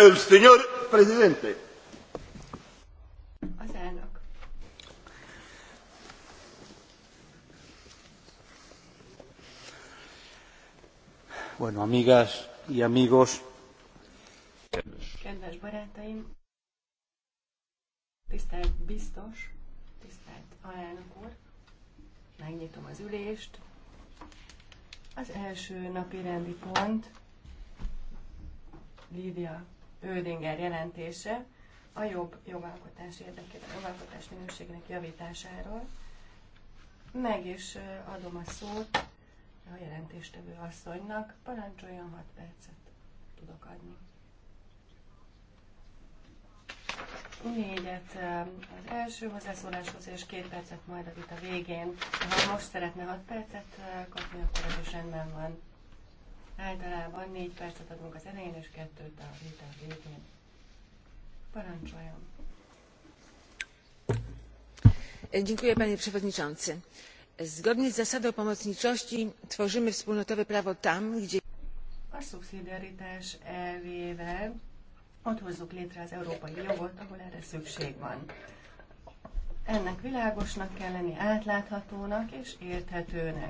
El señor presidente. Az elnök. Bueno, amigas y amigos. Kedves, barátaim, tisztelt biztos, tisztelt alelnök úr, megnyitom az ülést. Az első napi rendi pont Lídia Ödinger jelentése a jobb jogalkotás érdekében, jogalkotás minőségének javításáról. Meg is adom a szót a jelentéstevő asszonynak. Parancsoljon 6 percet tudok adni. Négyet az első hozzászóláshoz, és két percet majd a vita végén. Ha most szeretne 6 percet kapni, akkor ez is rendben van. Általában négy percet adunk az elején, és kettőt a vita végén. Parancsoljon! Dziękuję panie przewodniczący. Zgodnie z zasadą pomocniczości tworzymy wspólnotowe prawo tam, gdzie a szubszidiaritás elvével ott hozzuk létre az európai jogot, ahol erre szükség van. Ennek világosnak kell lenni, átláthatónak és érthetőnek.